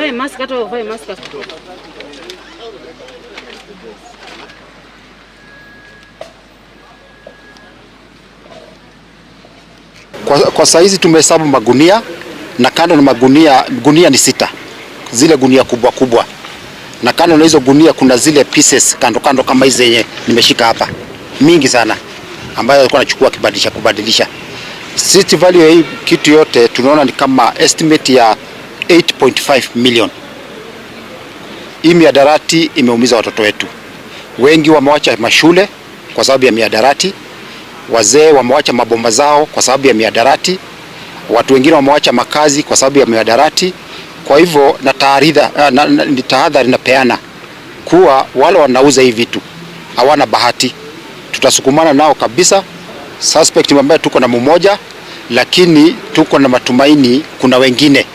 Vae mask hata uvae mask Kwa, kwa saizi tumehesabu magunia na kando na magunia, gunia ni sita, zile gunia kubwa kubwa, na kando na hizo gunia kuna zile pieces kando kando kama hizi zenye nimeshika hapa, mingi sana, ambayo alikuwa anachukua kibadilisha kubadilisha. City value ya hii kitu yote tunaona ni kama estimate ya 8.5 million. Hii miadarati imeumiza watoto wetu wengi, wamewacha mashule kwa sababu ya miadarati, wazee wamewacha mabomba zao kwa sababu ya miadarati, watu wengine wamewacha makazi kwa sababu ya miadarati. Kwa hivyo na tahadhari napeana kuwa wale wanauza hii vitu hawana bahati, tutasukumana nao kabisa. Suspect ambaye tuko na mmoja, lakini tuko na matumaini kuna wengine.